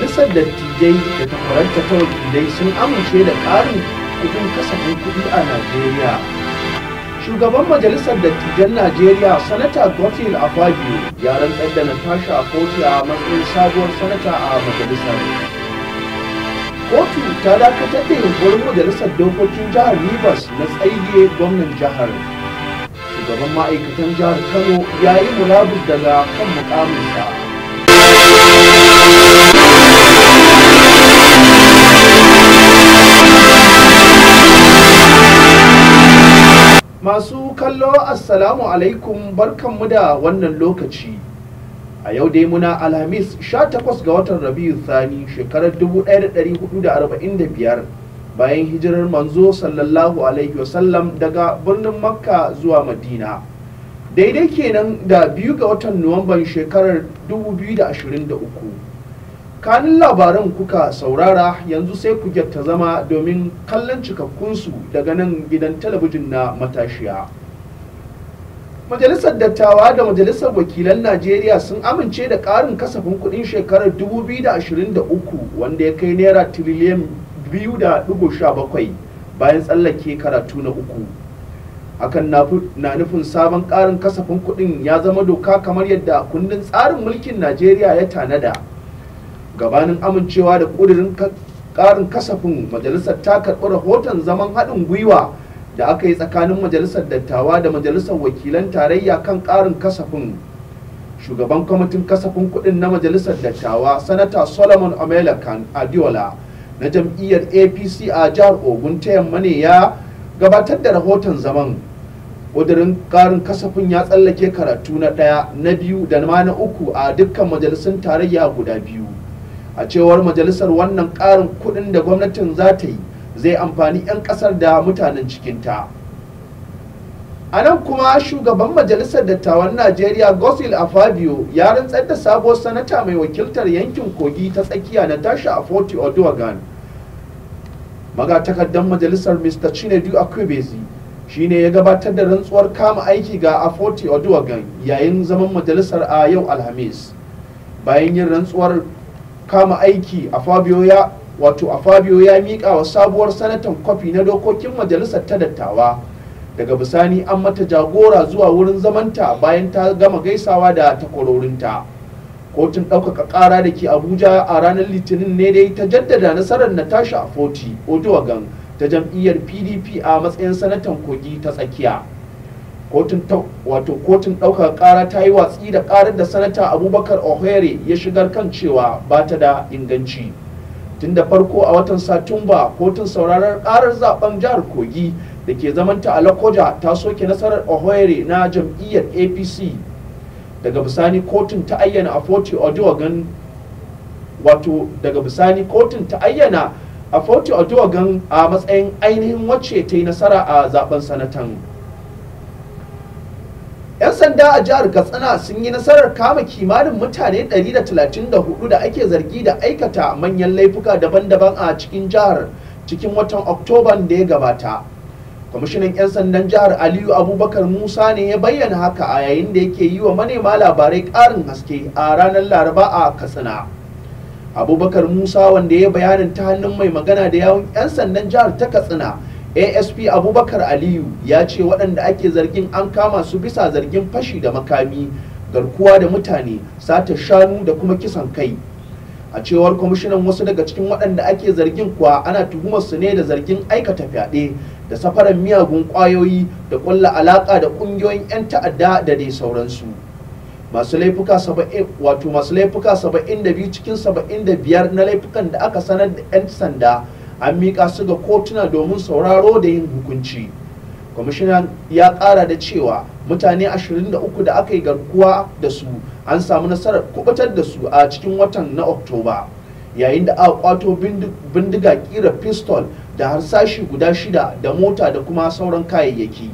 majalisar dattijai da takwaranta ta wakilai sun amince da ƙarin kudin kasafin kuɗi a najeriya shugaban majalisar dattijan najeriya sanata gofil afabio ya rantsar da natasha kotu a matsayin sabuwar sanata a majalisar kotu ta dakatar da yunkurin majalisar dokokin jihar rivers na tsaige gwamnan jihar shugaban ma'aikatan jihar kano ya yi murabus daga kan mukaminsa masu kallo assalamu alaikum barkanmu da wannan lokaci a yau dai muna alhamis 18 ga watan rabiu thani shekarar 1445 bayan hijirar manzo sallallahu alaihi wasallam daga birnin makka zuwa madina daidai kenan da biyu ga watan nuwamban shekarar 2023 kanin labaran kuka saurara yanzu sai ku ta zama domin kallon cikakkunsu daga nan gidan talabijin na matashiya majalisar dattawa da majalisar wakilan najeriya sun amince da ƙarin kasafin kudin shekarar 2023 wanda ya kai naira tiriliyan 2.17 bayan tsallake karatu na uku Akan na nufin sabon ƙarin kasafin kudin ya zama doka kamar yadda kundin tsarin mulkin najeriya ya tanada. gabanin amincewa da ƙudurin ƙarin kasafin majalisar ta karɓi rahoton zaman haɗin gwiwa da aka yi tsakanin majalisar dattawa da majalisar wakilan tarayya kan ƙarin kasafin shugaban kwamitin kasafin kuɗin na majalisar dattawa sanata solomon amela adiola na jam'iyyar apc a jihar ogun ta yamma ne ya gabatar da rahoton zaman ƙudurin ƙarin kasafin ya tsallake karatu na ɗaya na biyu da ma na uku a dukkan majalisun tarayya guda biyu a cewar majalisar wannan ƙarin kuɗin da gwamnatin za ta yi zai amfani 'yan ƙasar da mutanen cikinta a nan kuma shugaban majalisar dattawan najeriya gosil afabio ya rantsar da sabuwar sanata mai wakiltar yankin kogi ta tsakiya na tasha a forti odogan magatakardar majalisar mr chinedu akwebezi shine ya gabatar da rantsuwar kama aiki ga a forti oduwagan yayin zaman majalisar a yau alhamis bayan yin rantsuwar kama aiki a fabio ya wato a fabio ya miƙa wa sabuwar sanatan kwafi na dokokin majalisar ta dattawa daga bisani an mata jagora zuwa wurin zamanta bayan ta gama gaisawa da takwarorinta kotun ɗaukaka ƙara da ke abuja a ranar litinin ne dai ta jaddada nasarar natasha a foti oduwagan ta jam'iyyar pdp a matsayin sanatan kogi ta tsakiya kotun ɗaukar ƙara ta yi watsi da ƙarar da sanata abubakar ohere ya shigar kan cewa ba ta da inganci tun da farko a watan satumba kotun sauraron ƙarar zaben jihar kogi da ke zamanta a lakoja ta soke nasarar ohere na jam'iyyar apc daga bisani kotun ta ayyana a forty odiwagan wato daga bisani kotun ta ayyana a forty odiwagan a matsayin ainihin wacce ta yi nasara a zaben sanatan 'yan sanda a jihar katsina sun yi nasarar kama kimanin mutane 134 da ake zargi da aikata manyan laifuka daban-daban a cikin jihar cikin watan oktoban da ya gabata kwamishinan 'yan sandan jihar aliyu abubakar musa ne ya bayyana haka a yayin da yake yi wa manema labarai karin haske a ranar laraba a katsina abubakar musa wanda ya bayanin ta hannun mai magana da yawon 'yan sandan jihar ta katsina asp abubakar aliyu ya ce waɗanda ake zargin an kama su bisa zargin fashi da makami garkuwa da mutane sata shanu da kuma kisan kai a cewar kwamishinan wasu daga cikin waɗanda ake zargin kuwa ana tuhumar su ne da zargin aikata fyaɗe da safaran miyagun ƙwayoyi da ƙulla alaƙa da ƙungiyoyin 'yan ta'adda da dai sauransu masu laifuka saba'in wato masu laifuka biyu cikin biyar na laifukan da aka sanar da 'yan sanda an miƙa su ga kotuna domin sauraro da yin hukunci kwamishinan ya ƙara da cewa mutane 23 da aka yi garkuwa da su an samu nasarar kubutar da su a cikin watan na oktoba yayin da aka kwato bindiga kira pistol da harsashi guda shida da mota da kuma sauran kayayyaki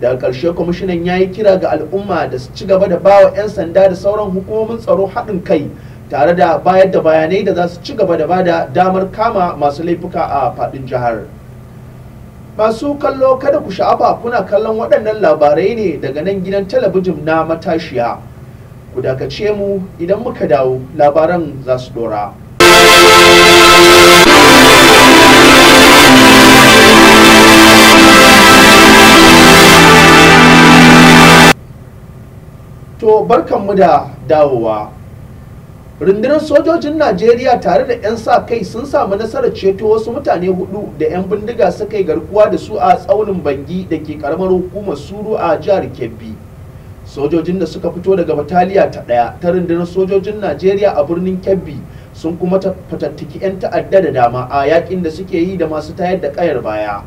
daga ƙarshe kwamishinan ya yi kira ga al'umma da su ci gaba da bawa 'yan sanda da sauran hukumomin tsaro haɗin kai tare da bayar da bayanai da za su ci gaba da bada damar kama masu laifuka a faɗin jihar masu kallo kada ku sha'afa kuna kallon waɗannan labarai ne daga nan gidan talabijin na matashiya ku dakace mu idan muka dawo labaran za su dora to barkanmu da dawowa rundunar sojojin najeriya tare da 'yan sa kai sun samu nasarar ceto wasu mutane hudu da 'yan bindiga suka yi garkuwa da su a tsaunin bangi da ke karamar hukumar suru a jihar kebbi sojojin da suka fito daga bataliya ta daya ta rundunar sojojin najeriya a birnin kebbi sun kuma fatattaki 'yan ta'adda da dama a yakin da suke yi da masu tayar da kayar baya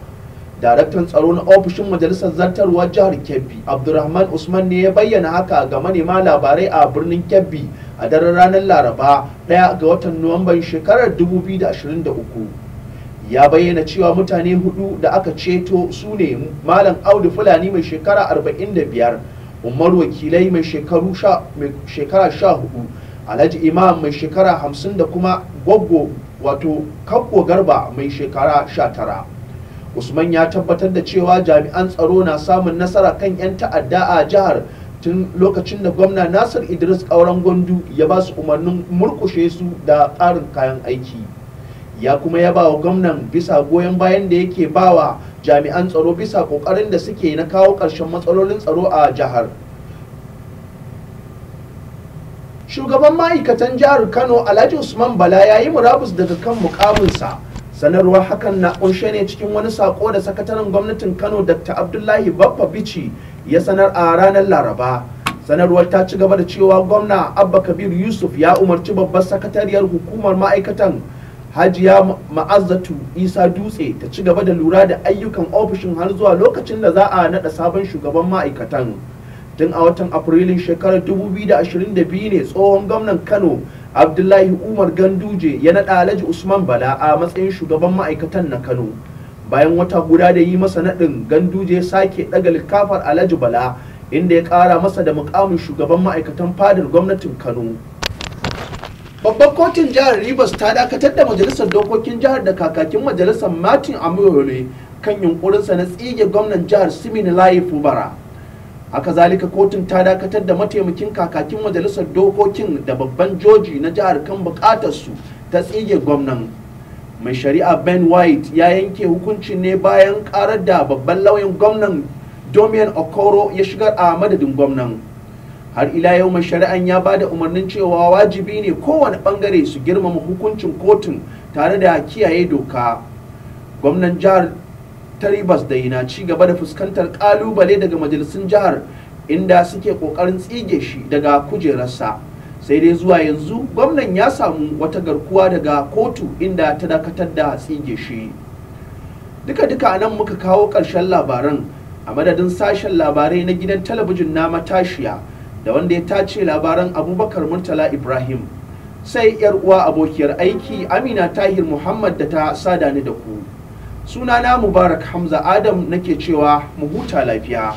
daraktan tsaro na ofishin majalisar zartarwar jihar kebbi abdulrahman usman ne ya bayyana haka ga manema labarai a birnin kebbi a daren ranar laraba ɗaya ga watan nuwamban shekarar 2023 ya bayyana cewa mutane hudu da aka ceto su ne malam audu fulani mai shekara 45 umar wakilai mai shekara 14 alhaji imam mai shekara 50 da kuma gwaggo wato kakko garba mai shekara 19 usman ya tabbatar da cewa jami'an tsaro na samun nasara kan 'yan ta'adda a jihar tun lokacin da gwamna nasir idris auren gwandu ya ba su umarnin murkushe su da ƙarin kayan aiki ya kuma ya ba wa gwamnan bisa goyon bayan da yake ba wa jami'an tsaro bisa ƙoƙarin da suke na kawo ƙarshen matsalolin tsaro a jihar shugaban ma'aikatan jihar kano alhaji usman bala ya yi murabus daga kan mukaminsa sanarwar hakan na ƙunshe ne cikin wani sako da sakataren gwamnatin kano dr abdullahi baffa bici ya sanar a ranar laraba sanarwar ta ci gaba da cewa gwamna abba kabir yusuf ya umarci babbar sakatariyar hukumar ma'aikatan hajiya ma'azzatu isa dutse ta ci gaba da lura da ayyukan ofishin har zuwa lokacin da za a naɗa sabon shugaban ma'aikatan tun a watan afrilun shekarar 2022 ne tsohon gwamnan kano abdullahi umar ganduje ya naɗa alhaji usman bala a matsayin shugaban ma'aikatan na kano bayan wata guda da yi masa naɗin ganduje sake ɗaga likafar alhaji bala inda ya ƙara masa da mukamin shugaban ma'aikatan fadar gwamnatin kano babban kotun jihar rivers ta dakatar da majalisar dokokin jihar da kakakin majalisar martin amurole kan yunkurinsa na tsige gwamnan jihar simini layi fubara haka zalika kotun ta dakatar da mataimakin kakakin majalisar dokokin da babban joji na jihar kan bukatarsu ta tsige gwamnan mai shari'a ben white ya yanke hukunci ne bayan karar da babban lauyan gwamnan domin okoro ya shigar a madadin gwamnan har ila yau mai shari'an ya ba da umarnin cewa wajibi ne kowane bangare su girmama hukuncin kotun tare da kiyaye doka gwamnan jihar taribas da yana ci gaba da fuskantar kalubale daga majalisun jihar inda suke kokarin tsige shi daga kujerarsa. sai dai zuwa yanzu gwamnan ya samu wata garkuwa daga kotu inda ta dakatar da tsige shi duka-duka nan muka kawo ƙarshen labaran a madadin sashen labarai na gidan talabijin na matashiya da wanda ya tace labaran abubakar murtala ibrahim sai yar uwa abokiyar aiki amina tahir muhammad da ta sada ni da ku sunana mubarak hamza adam nake cewa mu huta lafiya